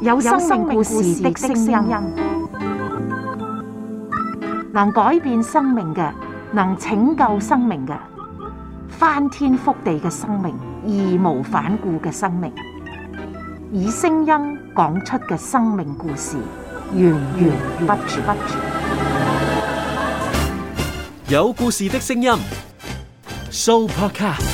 有生命故事的聲音，能改變生命嘅，能拯救生命嘅，翻天覆地嘅生命，義無反顧嘅生命，以聲音講出嘅生命故事，源源不絕。有故事的聲音，Supercar。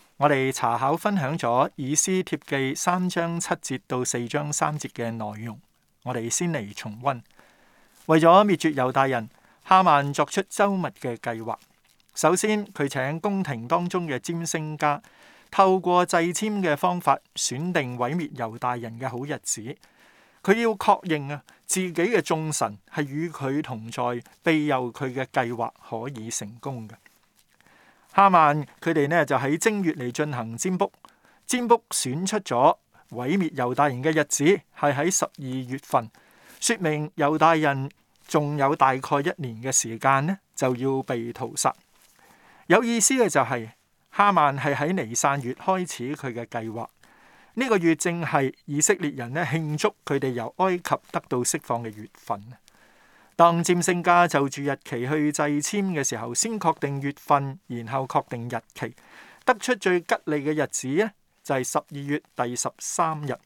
我哋查考分享咗《以斯帖記》三章七節到四章三節嘅內容，我哋先嚟重溫。為咗滅絕猶大人，哈曼作出周密嘅計劃。首先，佢請宮廷當中嘅占星家，透過祭簽嘅方法，選定毀滅猶大人嘅好日子。佢要確認啊，自己嘅眾神係與佢同在，庇佑佢嘅計劃可以成功嘅。哈曼佢哋呢就喺正月嚟進行占卜，占卜選出咗毀滅猶大人嘅日子係喺十二月份，説明猶大人仲有大概一年嘅時間呢就要被屠殺。有意思嘅就係、是、哈曼係喺尼散月開始佢嘅計劃，呢、這個月正係以色列人呢慶祝佢哋由埃及得到釋放嘅月份。當占星家就住日期去祭籤嘅時候，先確定月份，然後確定日期，得出最吉利嘅日子咧，就係十二月第十三日。呢、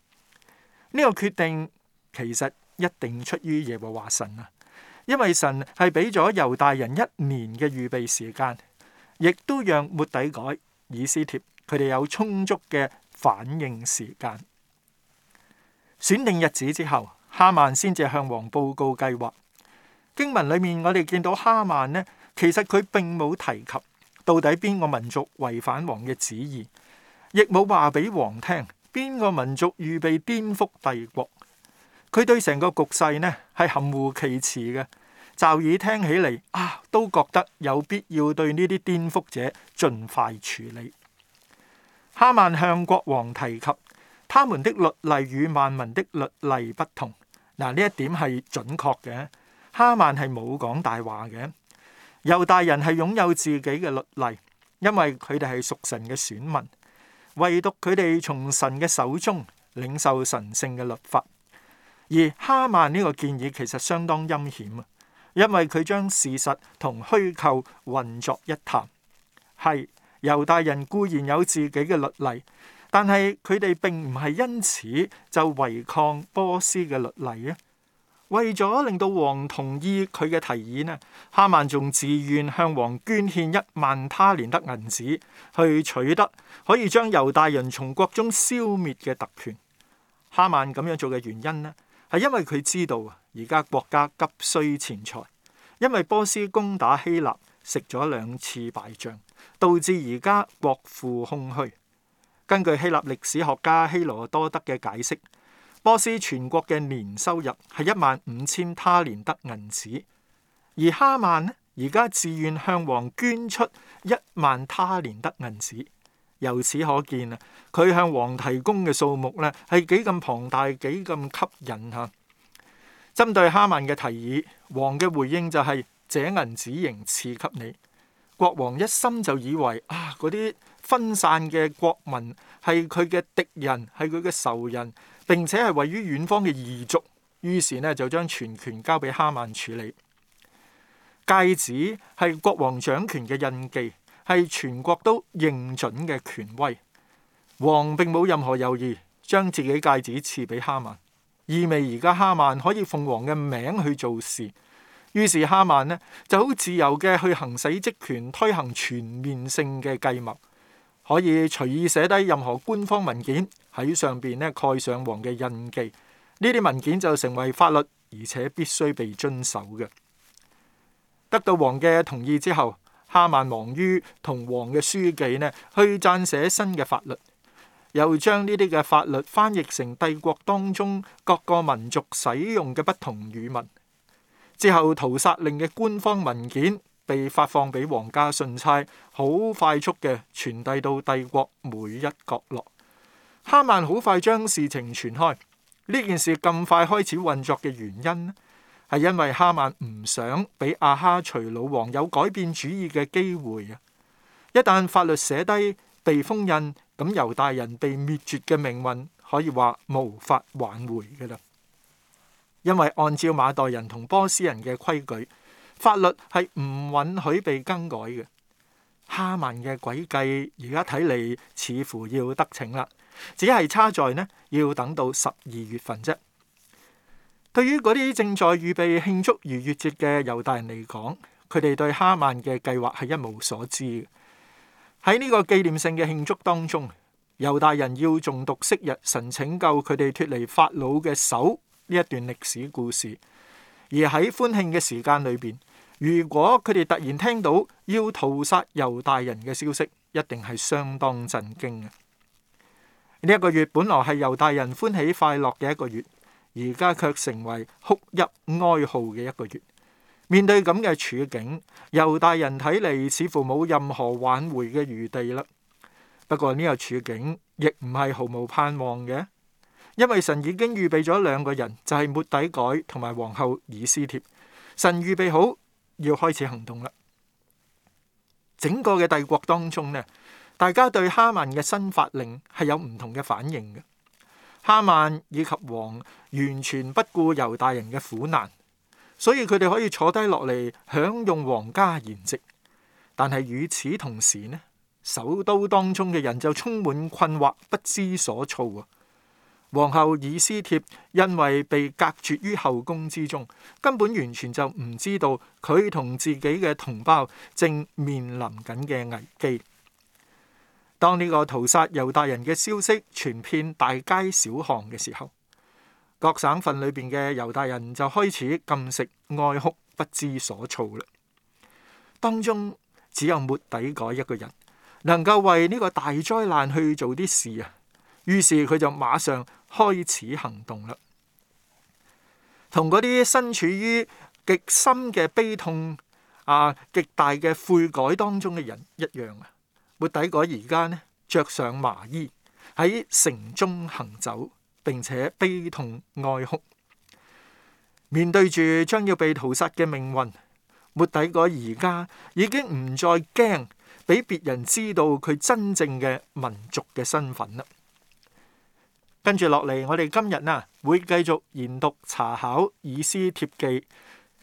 這個決定其實一定出於耶和華神啊，因為神係俾咗猶大人一年嘅預備時間，亦都讓末底改以斯帖、佢哋有充足嘅反應時間。選定日子之後，哈曼先至向王報告計劃。經文裏面，我哋見到哈曼呢，其實佢並冇提及到底邊個民族違反王嘅旨意，亦冇話俾王聽邊個民族預備顛覆帝國。佢對成個局勢呢係含糊其辭嘅，驟耳聽起嚟啊都覺得有必要對呢啲顛覆者盡快處理。哈曼向國王提及，他們的律例與萬民的律例不同。嗱，呢一點係準確嘅。哈曼係冇講大話嘅，猶大人係擁有自己嘅律例，因為佢哋係屬神嘅選民，唯獨佢哋從神嘅手中領受神聖嘅律法。而哈曼呢個建議其實相當陰險啊，因為佢將事實同虛構混作一談。係猶大人固然有自己嘅律例，但係佢哋並唔係因此就違抗波斯嘅律例啊。為咗令到王同意佢嘅提議呢，哈曼仲自願向王捐獻一萬他連德銀子，去取得可以將猶大人從國中消滅嘅特權。哈曼咁樣做嘅原因呢，係因為佢知道啊，而家國家急需錢財，因為波斯攻打希臘食咗兩次敗仗，導致而家國庫空虛。根據希臘歷史學家希羅多德嘅解釋。波斯全國嘅年收入係一萬五千他連得銀紙，而哈曼呢而家自願向王捐出一萬他連得銀紙。由此可見啊，佢向王提供嘅數目咧係幾咁龐大，幾咁吸引啊！針對哈曼嘅提議，王嘅回應就係：這銀紙仍賜給你。國王一心就以為啊，嗰啲分散嘅國民係佢嘅敵人，係佢嘅仇人。並且係位於遠方嘅異族，於是呢就將全權交俾哈曼處理。戒指係國王掌權嘅印記，係全國都認準嘅權威。王並冇任何猶豫，將自己戒指賜俾哈曼，意味而家哈曼可以奉王嘅名去做事。於是哈曼呢就好自由嘅去行使職權，推行全面性嘅計謀。可以隨意寫低任何官方文件喺上邊咧，蓋上王嘅印記，呢啲文件就成為法律，而且必須被遵守嘅。得到王嘅同意之後，哈曼忙於同王嘅書記呢去撰寫新嘅法律，又將呢啲嘅法律翻譯成帝國當中各個民族使用嘅不同語文。之後屠殺令嘅官方文件。被發放俾皇家信差，好快速嘅傳遞到帝國每一角落。哈曼好快將事情傳開。呢件事咁快開始運作嘅原因，係因為哈曼唔想俾阿哈隨魯王有改變主意嘅機會啊！一旦法律寫低被封印，咁猶大人被滅絕嘅命運，可以話無法挽回㗎喇。因為按照馬代人同波斯人嘅規矩。法律係唔允許被更改嘅。哈曼嘅詭計，而家睇嚟似乎要得逞啦，只係差在呢，要等到十二月份啫。對於嗰啲正在預備慶祝逾越節嘅猶大人嚟講，佢哋對哈曼嘅計劃係一無所知嘅。喺呢個紀念性嘅慶祝當中，猶大人要重讀昔日神拯救佢哋脱離法老嘅手呢一段歷史故事。而喺歡慶嘅時間裏邊，如果佢哋突然聽到要屠殺猶大人嘅消息，一定係相當震驚嘅。呢、這、一個月本來係猶大人歡喜快樂嘅一個月，而家卻成為哭泣哀號嘅一個月。面對咁嘅處境，猶大人睇嚟似乎冇任何挽回嘅餘地啦。不過呢個處境亦唔係毫無盼望嘅。因為神已經預備咗兩個人，就係、是、末底改同埋皇后以斯帖，神預備好要開始行動啦。整個嘅帝國當中呢，大家對哈曼嘅新法令係有唔同嘅反應嘅。哈曼以及王完全不顧猶大人嘅苦難，所以佢哋可以坐低落嚟享用皇家筵席。但係與此同時呢，首都當中嘅人就充滿困惑，不知所措皇后以斯帖因為被隔絕於後宮之中，根本完全就唔知道佢同自己嘅同胞正面臨緊嘅危機。當呢個屠殺猶大人嘅消息傳遍大街小巷嘅時候，各省份裏邊嘅猶大人就開始禁食、哀哭、不知所措啦。當中只有末底改一個人能夠為呢個大災難去做啲事啊。於是佢就馬上，開始行動啦，同嗰啲身處於極深嘅悲痛啊、極大嘅悔改當中嘅人一樣啊，末底改而家咧著上麻衣喺城中行走，並且悲痛哀哭，面對住將要被屠殺嘅命運，末底改而家已經唔再驚俾別人知道佢真正嘅民族嘅身份啦。跟住落嚟，我哋今日呢、啊、會繼續研讀查考以斯帖記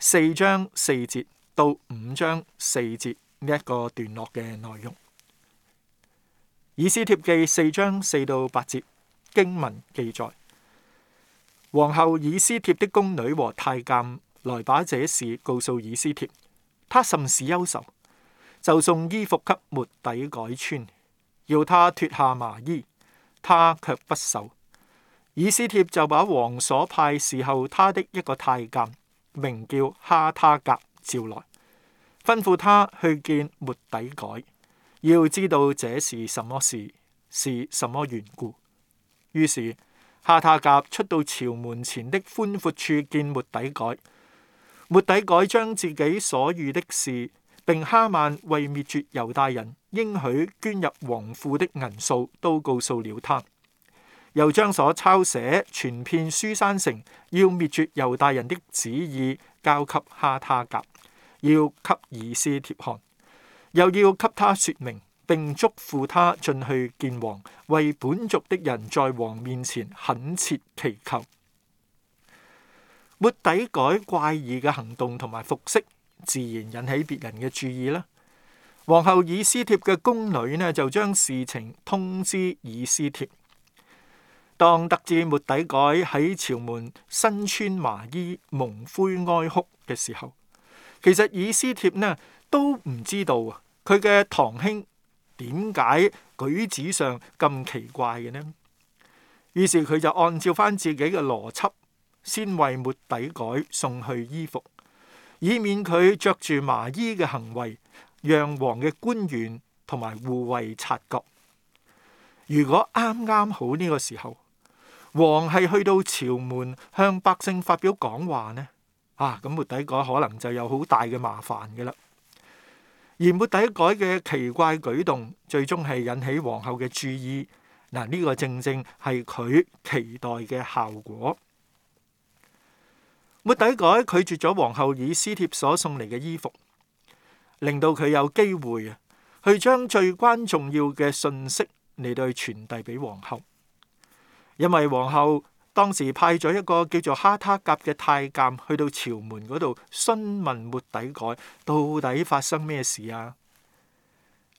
四章四節到五章四節呢一個段落嘅內容。以斯帖記四章四到八節經文記載：皇后以斯帖的宮女和太監來把這事告訴以斯帖，她甚是憂愁，愁，就送衣服給末底改穿，要她脱下麻衣，她卻不受。以斯帖就把王所派侍候他的一個太監，名叫哈他革召來，吩咐他去見末底改，要知道這是什麼事，是什麼緣故。於是哈他革出到朝門前的寬闊處見末底改，末底改將自己所遇的事，並哈曼為滅絕猶大人應許捐入王庫的銀數，都告訴了他。又將所抄寫全篇書珊城，要滅絕猶大人的旨意，交給哈他革，要給以斯帖看，又要給他說明，並囑咐他進去見王，為本族的人在王面前懇切祈求。末底改怪異嘅行動同埋服飾，自然引起別人嘅注意啦。皇后以斯帖嘅宮女呢，就將事情通知以斯帖。當得知沒底改喺朝門身穿麻衣蒙灰哀哭嘅時候，其實以斯帖呢都唔知道啊！佢嘅堂兄點解舉止上咁奇怪嘅呢？於是佢就按照翻自己嘅邏輯，先為沒底改送去衣服，以免佢着住麻衣嘅行為，讓王嘅官員同埋護衛察覺。如果啱啱好呢個時候，王係去到朝門向百姓發表講話呢？啊，咁末底改可能就有好大嘅麻煩噶啦。而末底改嘅奇怪舉動，最終係引起皇后嘅注意。嗱，呢個正正係佢期待嘅效果。末底改拒絕咗皇后以斯帖所送嚟嘅衣服，令到佢有機會啊去將最關重要嘅信息嚟到去傳遞俾皇后。因為皇后當時派咗一個叫做哈塔甲嘅太監去到朝門嗰度詢問末底改，到底發生咩事啊？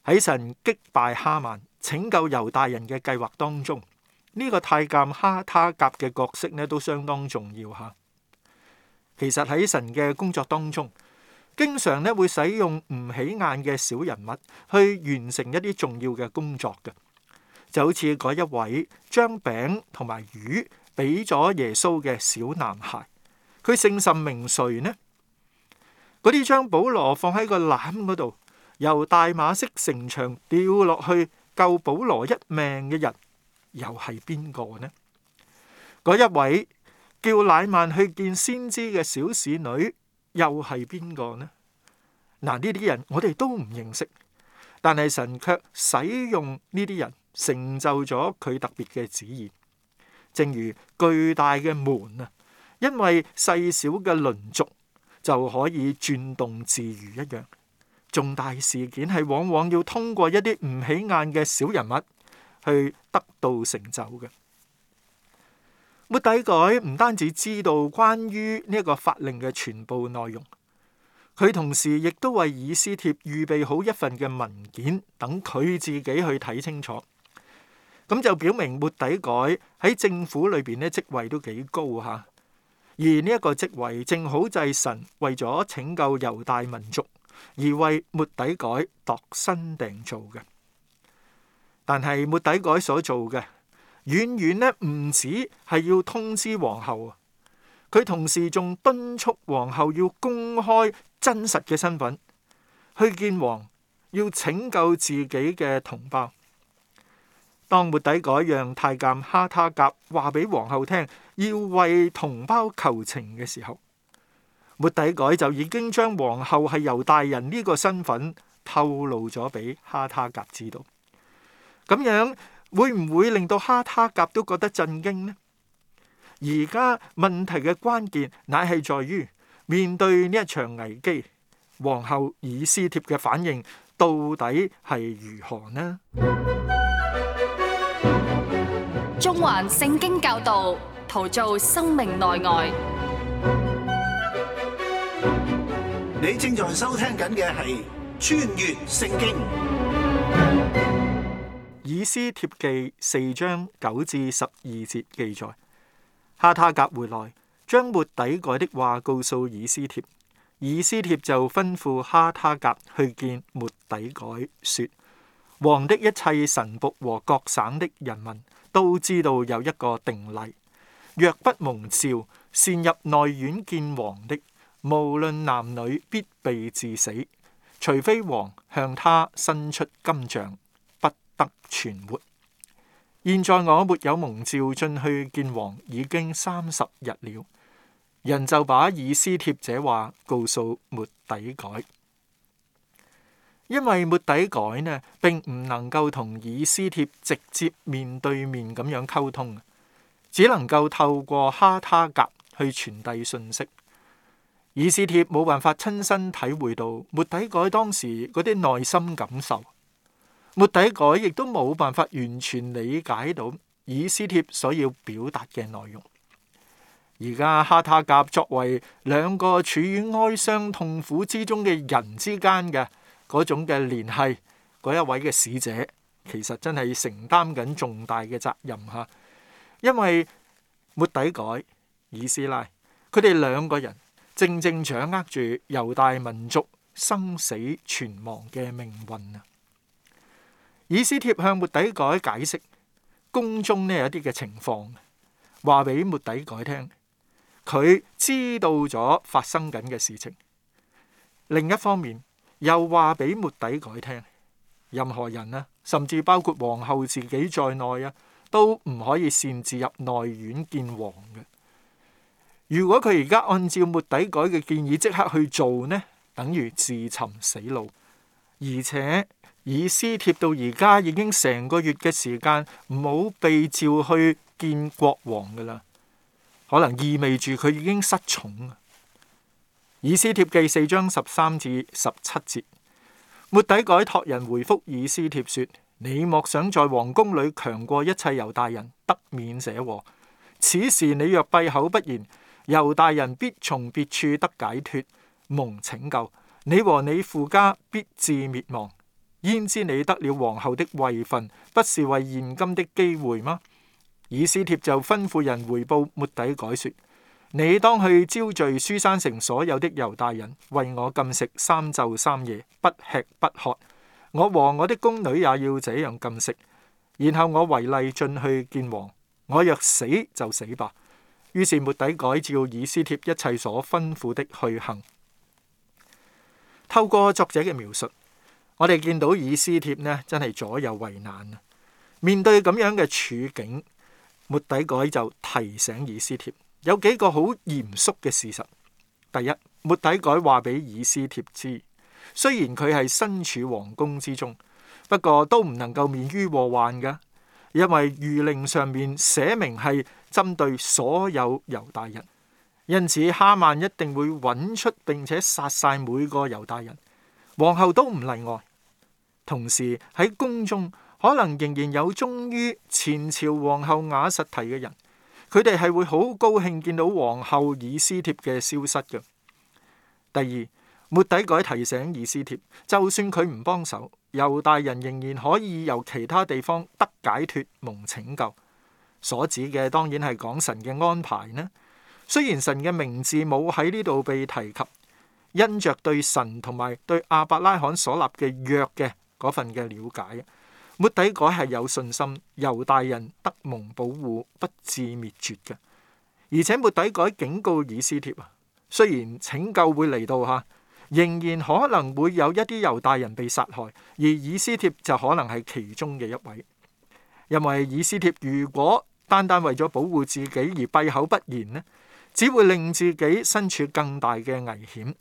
喺神擊敗哈曼拯救猶大人嘅計劃當中，呢個太監哈塔甲嘅角色呢都相當重要吓。其實喺神嘅工作當中，經常咧會使用唔起眼嘅小人物去完成一啲重要嘅工作嘅。就好似嗰一位將餅同埋魚俾咗耶穌嘅小男孩，佢姓甚名誰呢？嗰啲將保羅放喺個籃嗰度，由大馬色城牆掉落去救保羅一命嘅人，又係邊個呢？嗰一位叫乃曼去見先知嘅小使女，又係邊個呢？嗱，呢啲人我哋都唔認識，但係神卻使用呢啲人。成就咗佢特別嘅旨意，正如巨大嘅門啊，因為細小嘅輪軸就可以轉動自如一樣。重大事件係往往要通過一啲唔起眼嘅小人物去得到成就嘅。末底改唔單止知道關於呢一個法令嘅全部內容，佢同時亦都為以斯帖預備好一份嘅文件，等佢自己去睇清楚。咁就表明末底改喺政府裏邊咧職位都幾高吓，而呢一個職位正好就係神為咗拯救猶大民族而為末底改度身定做嘅。但係末底改所做嘅遠遠呢唔止係要通知皇后，佢同時仲敦促皇后要公開真實嘅身份去見王，要拯救自己嘅同胞。當末底改讓太監哈他甲話俾皇后聽要為同胞求情嘅時候，末底改就已經將皇后係猶大人呢個身份透露咗俾哈他甲知道。咁樣會唔會令到哈他甲都覺得震驚呢？而家問題嘅關鍵乃係在於，面對呢一場危機，皇后以斯帖嘅反應到底係如何呢？中環聖經教導，陶造生命內外。你正在收聽緊嘅係《穿越聖經》。以斯帖記四章九至十二節記載，哈他格回來，將末底改的話告訴以斯帖，以斯帖就吩咐哈他格去見末底改，說：王的一切臣僕和各省的人民。都知道有一個定例，若不蒙召擅入內院見王的，無論男女，必被致死，除非王向他伸出金杖，不得存活。現在我沒有蒙召進去見王，已經三十日了，人就把以斯帖這話告訴末底改。因為末底改呢，並唔能夠同以斯帖直接面對面咁樣溝通，只能夠透過哈塔格去傳遞信息。以斯帖冇辦法親身體會到末底改當時嗰啲內心感受，末底改亦都冇辦法完全理解到以斯帖所要表達嘅內容。而家哈塔格作為兩個處於哀傷痛苦之中嘅人之間嘅。嗰種嘅聯繫，嗰一位嘅使者其實真係承擔緊重大嘅責任嚇、啊，因為末底改以斯拉，佢哋兩個人正正掌握住猶大民族生死存亡嘅命運啊！以斯帖向末底改解釋宮中呢有啲嘅情況，話俾末底改聽，佢知道咗發生緊嘅事情，另一方面，又話俾末底改聽，任何人咧，甚至包括皇后自己在內啊，都唔可以擅自入內院見王嘅。如果佢而家按照末底改嘅建議即刻去做呢，等於自尋死路。而且以斯帖到而家已經成個月嘅時間冇被召去見國王㗎喇，可能意味住佢已經失寵。以斯帖記四章十三至十七節，末底改託人回复以斯帖說：你莫想在王宮裏強過一切猶大人，得免這禍。此時你若閉口不言，猶大人必從別處得解脱，蒙拯救。你和你父家必至滅亡。焉知你得了王後的位份，不是為現今的機會嗎？以斯帖就吩咐人回報末底改說。你當去招聚書山城所有的猶大人，為我禁食三晝三夜，不吃不喝。我和我的宮女也要這樣禁食。然後我違例進去見王，我若死就死吧。於是末底改照以斯帖一切所吩咐的去行。透過作者嘅描述，我哋見到以斯帖呢，真係左右為難啊！面對咁樣嘅處境，末底改就提醒以斯帖，有幾個好嚴肅嘅事實。第一，末底改話俾以斯帖知，雖然佢係身處皇宮之中，不過都唔能夠免於禍患嘅，因為御令上面寫明係針對所有猶大人。因此，哈曼一定會揾出並且殺晒每個猶大人，皇后都唔例外。同時喺宮中，可能仍然有忠於前朝皇后瓦實提嘅人。佢哋係會好高興見到皇后以斯帖嘅消失嘅。第二，末底改提醒以斯帖，就算佢唔幫手，猶大人仍然可以由其他地方得解脱、蒙拯救。所指嘅當然係講神嘅安排呢。雖然神嘅名字冇喺呢度被提及，因着對神同埋對亞伯拉罕所立嘅約嘅嗰份嘅了解。末底改係有信心猶大人得蒙保護不致滅絕嘅，而且末底改警告以斯帖啊，雖然拯救會嚟到吓，仍然可能會有一啲猶大人被殺害，而以斯帖就可能係其中嘅一位，因為以斯帖如果單單為咗保護自己而閉口不言呢，只會令自己身處更大嘅危險。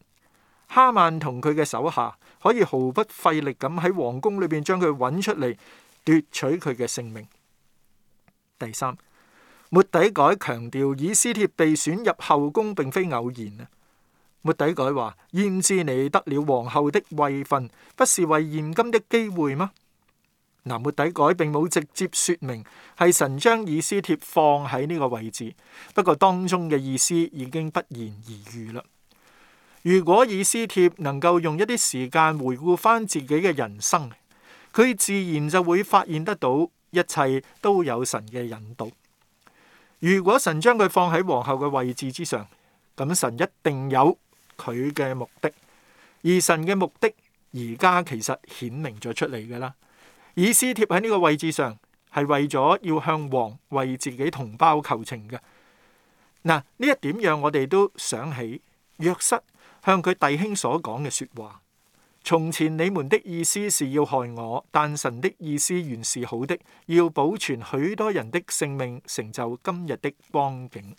哈曼同佢嘅手下可以毫不費力咁喺皇宮裏邊將佢揾出嚟，奪取佢嘅性命。第三，末底改強調，以斯帖被選入後宮並非偶然啊！末底改話：焉知你得了皇后的位分，不是為現今的機會嗎？嗱，末底改並冇直接說明係神將以斯帖放喺呢個位置，不過當中嘅意思已經不言而喻啦。如果以斯帖能夠用一啲時間回顧翻自己嘅人生，佢自然就會發現得到一切都有神嘅引導。如果神將佢放喺皇后嘅位置之上，咁神一定有佢嘅目的。而神嘅目的而家其實顯明咗出嚟㗎喇。以斯帖喺呢個位置上係為咗要向王為自己同胞求情嘅。嗱，呢一點讓我哋都想起約瑟。向佢弟兄所講嘅說話，從前你們的意思是要害我，但神的意思原是好的，要保存許多人的性命，成就今日的光景。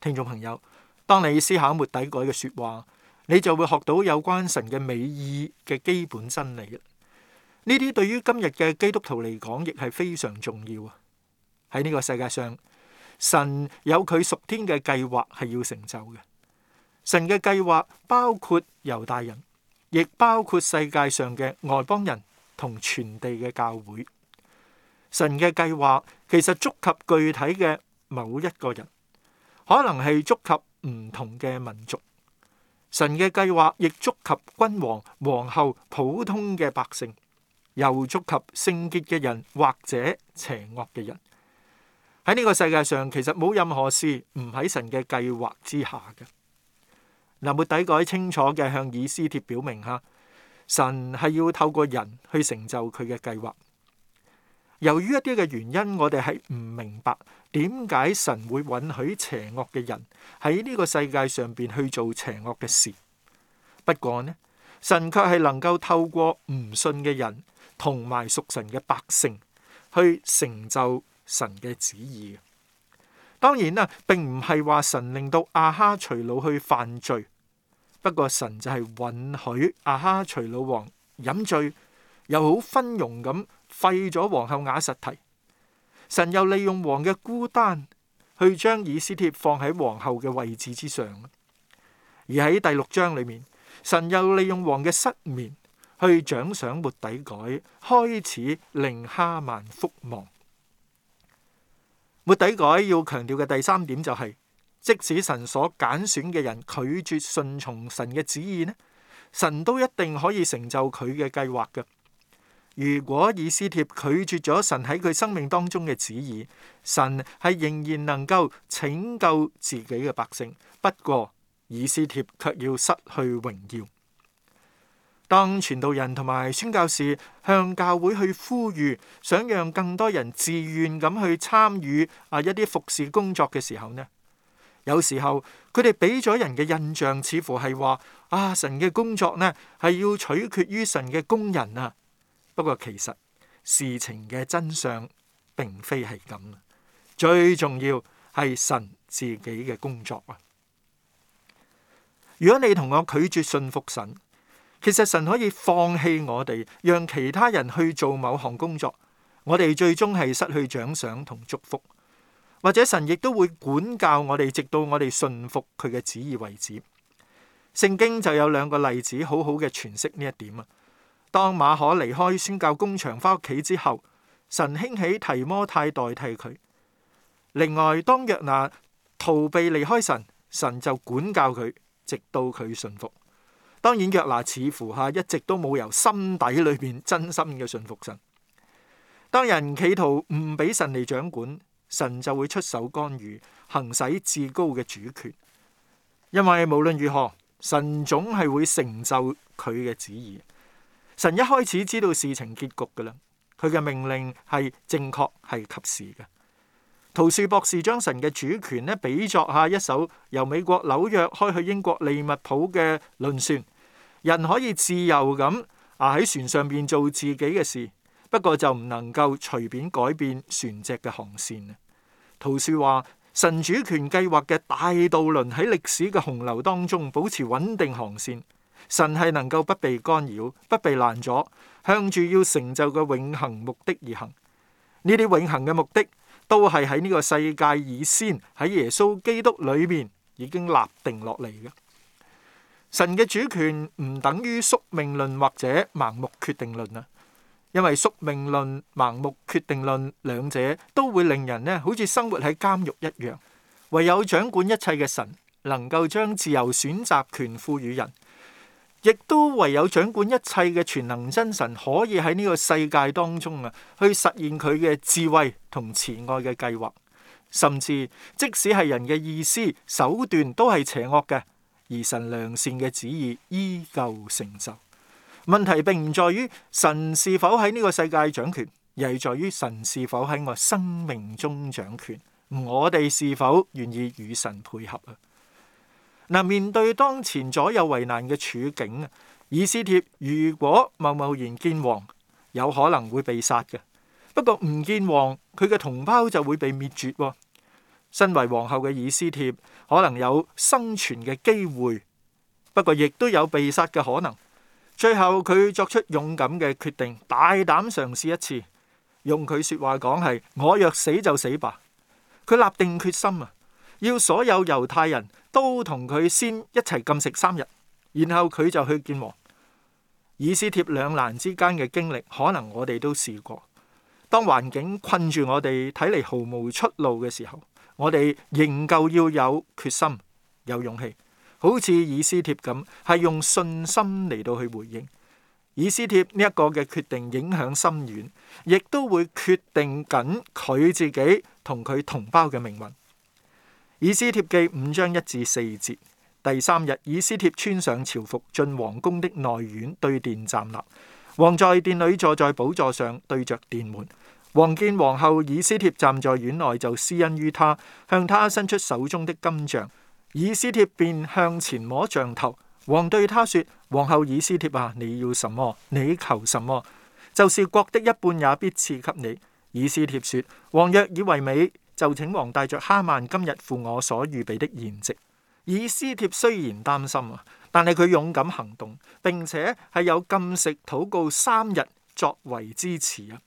聽眾朋友，當你思考末底改嘅說話，你就會學到有關神嘅美意嘅基本真理。呢啲對於今日嘅基督徒嚟講，亦係非常重要啊！喺呢個世界上，神有佢屬天嘅計劃係要成就嘅。神嘅計劃包括猶大人，亦包括世界上嘅外邦人同全地嘅教會。神嘅計劃其實觸及具體嘅某一個人，可能係觸及唔同嘅民族。神嘅計劃亦觸及君王、皇后、普通嘅百姓，又觸及聖潔嘅人，或者邪惡嘅人。喺呢個世界上，其實冇任何事唔喺神嘅計劃之下嘅。嗱，末底改清楚嘅向以斯帖表明吓，神係要透過人去成就佢嘅計劃。由於一啲嘅原因，我哋係唔明白點解神會允許邪惡嘅人喺呢個世界上邊去做邪惡嘅事。不過呢，神卻係能夠透過唔信嘅人同埋屬神嘅百姓去成就神嘅旨意。當然啦，並唔係話神令到亞哈隨魯去犯罪。不過神就係允許阿哈隨老王飲醉，又好昏庸咁廢咗皇后瓦實提。神又利用王嘅孤單去將以斯帖放喺皇后嘅位置之上。而喺第六章裏面，神又利用王嘅失眠去獎賞末底改，開始令哈曼覆亡。末底改要強調嘅第三點就係、是。即使神所揀選嘅人拒絕順從神嘅旨意呢，神都一定可以成就佢嘅計劃嘅。如果以斯帖拒絕咗神喺佢生命當中嘅旨意，神係仍然能夠拯救自己嘅百姓，不過以斯帖卻要失去榮耀。當傳道人同埋宣教士向教會去呼籲，想讓更多人自願咁去參與啊一啲服侍工作嘅時候呢，有時候佢哋俾咗人嘅印象，似乎係話啊，神嘅工作呢係要取決於神嘅工人啊。不過其實事情嘅真相並非係咁。最重要係神自己嘅工作啊。如果你同我拒絕信服神，其實神可以放棄我哋，讓其他人去做某項工作，我哋最終係失去獎賞同祝福。或者神亦都會管教我哋，直到我哋信服佢嘅旨意為止。聖經就有兩個例子，好好嘅詮釋呢一點啊。當馬可離開宣教工場翻屋企之後，神興起提摩太代替佢。另外，當約拿逃避離開神，神就管教佢，直到佢信服。當然，約拿似乎吓一直都冇由心底裏面真心嘅信服神。當人企圖唔俾神嚟掌管，神就會出手干預，行使至高嘅主權。因為無論如何，神總係會成就佢嘅旨意。神一開始知道事情結局噶啦，佢嘅命令係正確，係及時嘅。陶樹博士將神嘅主權呢比作下一艘由美國紐約開去英國利物浦嘅輪船，人可以自由咁啊喺船上邊做自己嘅事，不過就唔能夠隨便改變船隻嘅航線。陶樹話：神主權計劃嘅大渡輪喺歷史嘅洪流當中保持穩定航線，神係能夠不被干擾、不被攔阻，向住要成就嘅永恆目的而行。呢啲永恆嘅目的都係喺呢個世界以先喺耶穌基督裏面已經立定落嚟嘅。神嘅主權唔等於宿命論或者盲目決定論啊！因為宿命論、盲目決定論兩者都會令人咧，好似生活喺監獄一樣。唯有掌管一切嘅神，能夠將自由選擇權賦予人。亦都唯有掌管一切嘅全能真神，可以喺呢個世界當中啊，去實現佢嘅智慧同慈愛嘅計劃。甚至即使係人嘅意思、手段都係邪惡嘅，而神良善嘅旨意依舊成就。問題並唔在於神是否喺呢個世界掌權，而係在於神是否喺我生命中掌權。我哋是否願意與神配合啊？嗱，面對當前左右為難嘅處境啊，以斯帖如果貿貿然見王，有可能會被殺嘅。不過唔見王，佢嘅同胞就會被滅絕。身為皇后嘅以斯帖，可能有生存嘅機會，不過亦都有被殺嘅可能。最後佢作出勇敢嘅決定，大膽嘗試一次。用佢說話講係：我若死就死吧。佢立定決心啊，要所有猶太人都同佢先一齊禁食三日，然後佢就去見王。以斯帖兩難之間嘅經歷，可能我哋都試過。當環境困住我哋，睇嚟，毫無出路嘅時候，我哋仍舊要有決心，有勇氣，好似以斯帖咁，係用信心嚟到去回應。以斯帖呢一個嘅決定影響深遠，亦都會決定緊佢自己同佢同胞嘅命運。以斯帖記五章一至四節，第三日，以斯帖穿上朝服，進王宮的內院，對殿站立。王在殿裏坐在寶座上，對着殿門。王見王后以斯帖站在院內，就施恩於他，向他伸出手中的金杖。以斯帖便向前摸杖頭，王對他說：皇后以斯帖啊，你要什麼？你求什麼？就是國的一半也必賜給你。以斯帖說：王若以為美，就請王帶着哈曼今日赴我所預備的筵席。以斯帖雖然擔心啊，但係佢勇敢行動，並且係有禁食禱告三日作為支持啊。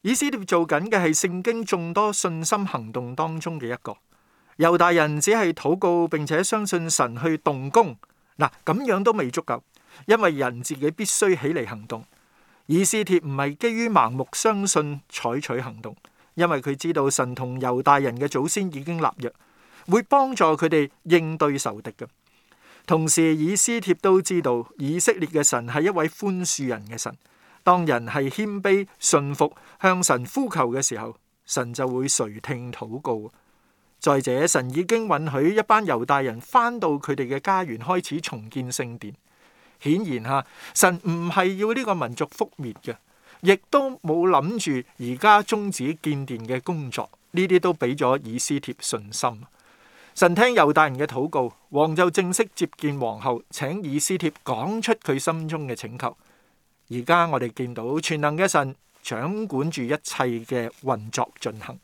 以斯帖做緊嘅係聖經眾多信心行動當中嘅一個。猶大人只係禱告，並且相信神去動工，嗱，咁樣都未足夠，因為人自己必須起嚟行動。以斯帖唔係基於盲目相信採取行動，因為佢知道神同猶大人嘅祖先已經立約，會幫助佢哋應對仇敵嘅。同時，以斯帖都知道以色列嘅神係一位寬恕人嘅神，當人係謙卑信服向神呼求嘅時候，神就會垂聽禱告。再者，神已經允許一班猶大人翻到佢哋嘅家園，開始重建聖殿。顯然吓，神唔係要呢個民族覆滅嘅，亦都冇諗住而家終止建殿嘅工作。呢啲都俾咗以斯帖信心。神聽猶大人嘅禱告，王就正式接見皇后，請以斯帖講出佢心中嘅請求。而家我哋見到全能嘅神掌管住一切嘅運作進行，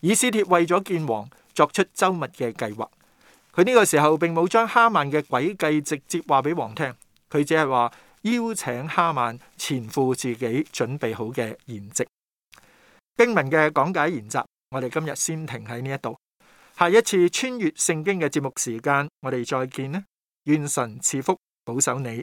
以斯帖為咗見王作出周密嘅計劃，佢呢個時候並冇將哈曼嘅詭計直接話俾王聽，佢只係話邀請哈曼前赴自己準備好嘅筵席。經文嘅講解研習，我哋今日先停喺呢一度，下一次穿越聖經嘅節目時間，我哋再見呢。願神賜福保守你。